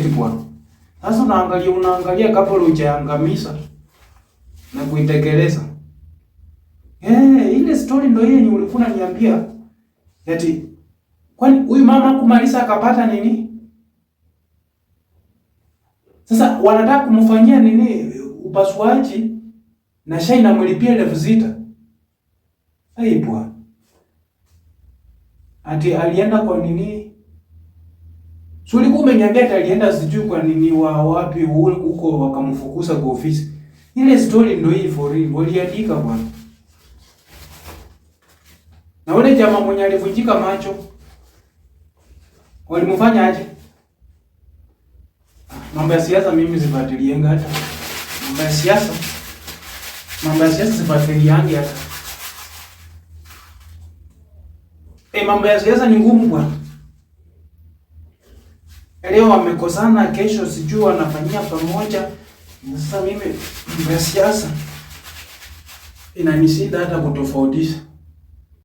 kwa. Sasa unaangalia unaangalia kabla hujaangamiza na kuitekeleza. Eh, ile story ndio ile ulikuwa unaniambia. Eti kwani huyu mama kumaliza akapata nini? Sasa wanataka kumfanyia nini upasuaji na shai na mlipia elfu sita. Ai bwana. Ati alienda kwa nini? So ulikuwa umeniambia alienda sijui kwa nini wa wapi huko wakamfukuza kwa ofisi. Ile story ndio hii for real. Waliandika bwana. Na wale jamaa mwenye alivunjika macho walimfanya aje? Mambo ya siasa mimi sifuatilienga hata. Mambo ya siasa. Mambo ya siasa sifuatiliangi hata. Eh, mambo ya siasa ni ngumu bwana leo wamekosana, kesho sijui wanafanyia pamoja. Sasa mimi ya siasa inanisida hata kutofautisha.